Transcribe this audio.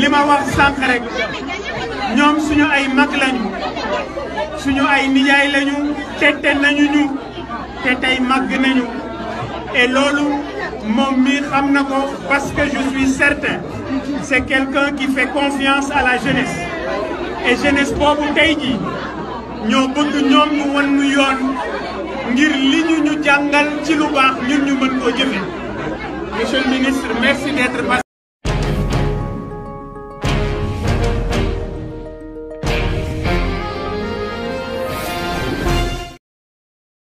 li ma wax sànq rek ñoom suñu ay mag lañu suñu ay nijaay lañu tette nañu ñu te tey màgg nañu et loolu moom mi xam na ko parce que je suis certain c'est quelqu'un qui fait confiance à la jeunesse et jeunesse boobu tey jii ñoo bëgg ñoom ñu wan ñu yoon ngir li ñu ñu jàngal ci lu baax ñun ñu mën koo jëfe